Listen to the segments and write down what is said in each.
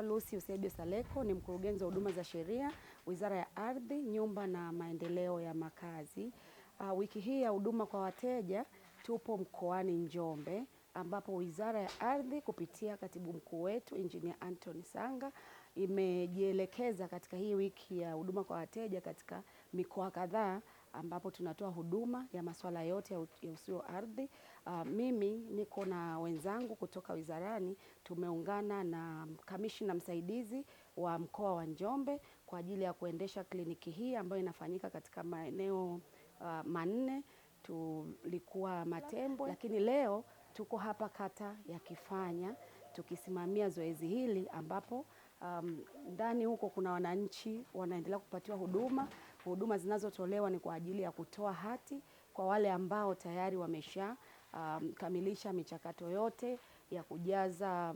Lucy Usebio Saleko ni mkurugenzi wa huduma za sheria, Wizara ya Ardhi, Nyumba na Maendeleo ya Makazi. Uh, wiki hii ya huduma kwa wateja tupo mkoani Njombe ambapo Wizara ya Ardhi kupitia katibu mkuu wetu Engineer Anthony Sanga imejielekeza katika hii wiki ya huduma kwa wateja katika mikoa kadhaa ambapo tunatoa huduma ya masuala yote ya usio ardhi. Uh, mimi niko na wenzangu kutoka wizarani, tumeungana na kamishina msaidizi wa mkoa wa Njombe kwa ajili ya kuendesha kliniki hii ambayo inafanyika katika maeneo uh, manne. Tulikuwa Matembwe, lakini leo tuko hapa kata ya Kifanya tukisimamia zoezi hili ambapo ah, ndani um, huko kuna wananchi wanaendelea kupatiwa huduma huduma zinazotolewa ni kwa ajili ya kutoa hati kwa wale ambao tayari wamesha um, kamilisha michakato yote ya kujaza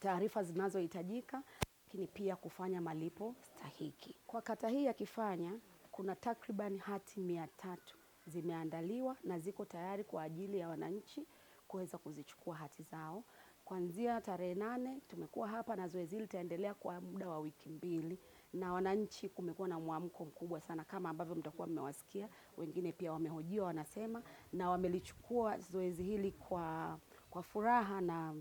taarifa zinazohitajika, lakini pia kufanya malipo stahiki. Kwa kata hii ya Kifanya kuna takriban hati mia tatu zimeandaliwa na ziko tayari kwa ajili ya wananchi kuweza kuzichukua hati zao kuanzia tarehe nane. Tumekuwa hapa na zoezi hili litaendelea kwa muda wa wiki mbili na wananchi kumekuwa na mwamko mkubwa sana, kama ambavyo mtakuwa mmewasikia wengine pia wamehojiwa, wanasema na wamelichukua zoezi hili kwa, kwa furaha na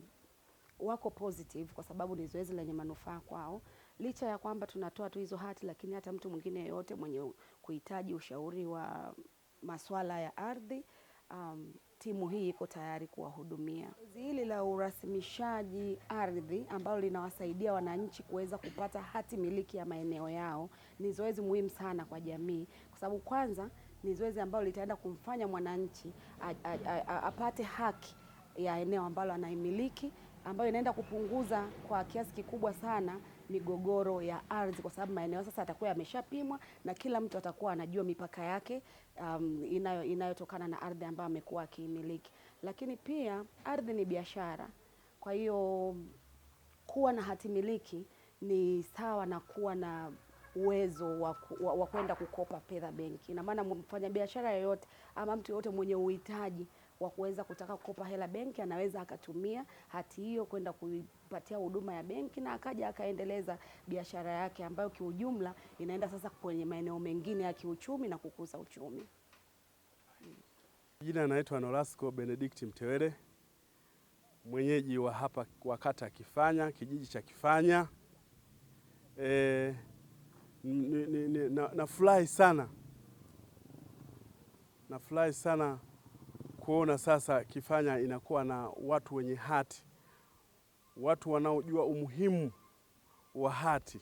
wako positive kwa sababu ni zoezi lenye manufaa kwao, licha ya kwamba tunatoa tu hizo hati, lakini hata mtu mwingine yeyote mwenye kuhitaji ushauri wa masuala ya ardhi um, timu hii iko tayari kuwahudumia. Zoezi hili la urasimishaji ardhi ambalo linawasaidia wananchi kuweza kupata hati miliki ya maeneo yao ni zoezi muhimu sana kwa jamii, kwa sababu kwanza ni zoezi ambalo litaenda kumfanya mwananchi apate haki ya eneo ambalo anaimiliki ambayo inaenda kupunguza kwa kiasi kikubwa sana migogoro ya ardhi, kwa sababu maeneo sasa yatakuwa yameshapimwa na kila mtu atakuwa anajua mipaka yake um, inayo inayotokana na ardhi ambayo amekuwa akiimiliki. Lakini pia ardhi ni biashara, kwa hiyo kuwa na hatimiliki ni sawa na kuwa na uwezo wa, kwenda kukopa fedha benki. Ina maana mfanyabiashara yoyote ama mtu yoyote mwenye uhitaji wa kuweza kutaka kukopa hela benki, anaweza akatumia hati hiyo kwenda kuipatia huduma ya benki na akaja akaendeleza biashara yake ambayo kiujumla inaenda sasa kwenye maeneo mengine ya kiuchumi na kukuza uchumi. Jina anaitwa Norasco Benedict Mtewele, mwenyeji wa hapa wa kata Kifanya, kijiji cha Kifanya. E, nafurahi na sana nafurahi sana kuona sasa Kifanya inakuwa na watu wenye hati, watu wanaojua umuhimu wa hati.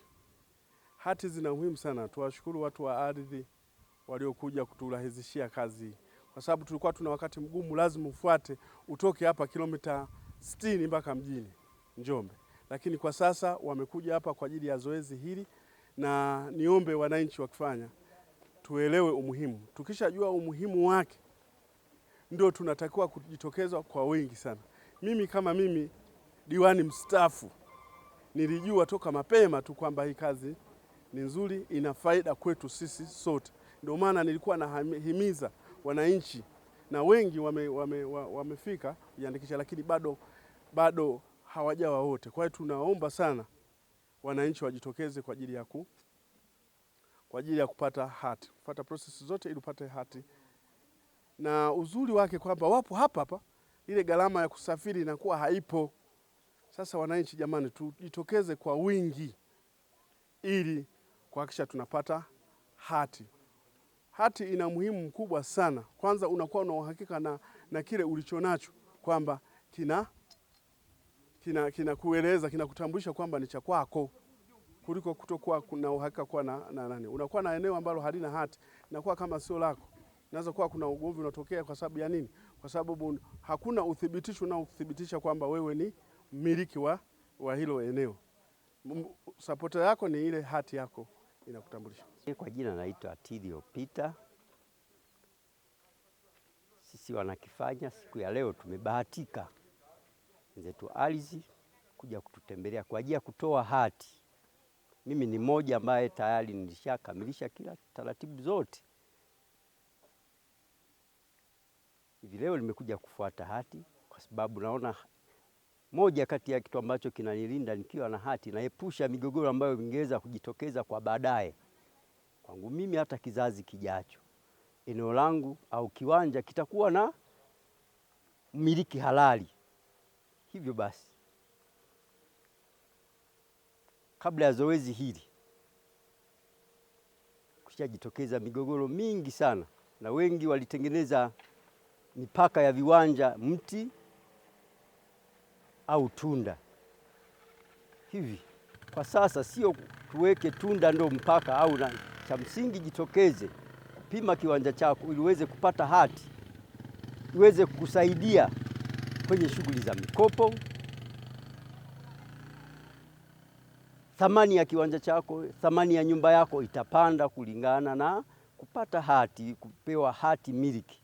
Hati zina umuhimu sana. Tuwashukuru watu wa ardhi waliokuja kuturahisishia kazi, kwa sababu tulikuwa tuna wakati mgumu, lazima ufuate utoke hapa kilomita 60 mpaka mjini Njombe, lakini kwa sasa wamekuja hapa kwa ajili ya zoezi hili, na niombe wananchi wa Kifanya tuelewe umuhimu. Tukishajua umuhimu wake ndio tunatakiwa kujitokeza kwa wingi sana. Mimi kama mimi diwani mstaafu nilijua toka mapema tu kwamba hii kazi ni nzuri, ina faida kwetu sisi sote. Ndio maana nilikuwa nahimiza wananchi na wengi wamefika wame, wame kujiandikisha, lakini bado, bado hawajawa wote. Kwa hiyo tunaomba sana wananchi wajitokeze kwa ajili ya ku, kwa ajili ya kupata hati, kupata prosesi zote ili upate hati na uzuri wake kwamba wapo hapa hapa, ile gharama ya kusafiri inakuwa haipo. Sasa wananchi, jamani, tujitokeze kwa wingi ili kuhakikisha tunapata hati. Hati ina muhimu mkubwa sana. Kwanza unakuwa una uhakika na, na kile ulichonacho kwamba kina kinakueleza kinakutambulisha kwamba ni cha kwako kuliko kutokuwa na uhakika kuwa na, na nani. Unakuwa na eneo ambalo halina hati, inakuwa kama sio lako inaweza kuwa kuna ugomvi unatokea kwa sababu ya nini? Kwa sababu hakuna uthibitisho unaothibitisha kwamba wewe ni mmiliki wa, wa hilo eneo. Sapota yako ni ile hati yako inakutambulisha. Kwa jina naitwa Atilio Peter. Sisi wanakifanya siku ya leo tumebahatika wenzetu Alizi kuja kututembelea kwa ajili ya kutoa hati. Mimi ni mmoja ambaye tayari nilishakamilisha kila taratibu zote hivi leo nimekuja kufuata hati kwa sababu naona moja kati ya kitu ambacho kinanilinda nikiwa na hati, naepusha migogoro ambayo ingeweza kujitokeza kwa baadaye kwangu mimi, hata kizazi kijacho, eneo langu au kiwanja kitakuwa na mmiliki halali. Hivyo basi, kabla ya zoezi hili kushajitokeza migogoro mingi sana, na wengi walitengeneza mipaka ya viwanja, mti au tunda hivi. Kwa sasa sio tuweke tunda ndo mpaka au na, cha msingi jitokeze kupima kiwanja chako ili uweze kupata hati iweze kukusaidia kwenye shughuli za mikopo, thamani ya kiwanja chako, thamani ya nyumba yako itapanda kulingana na kupata hati, kupewa hati miliki.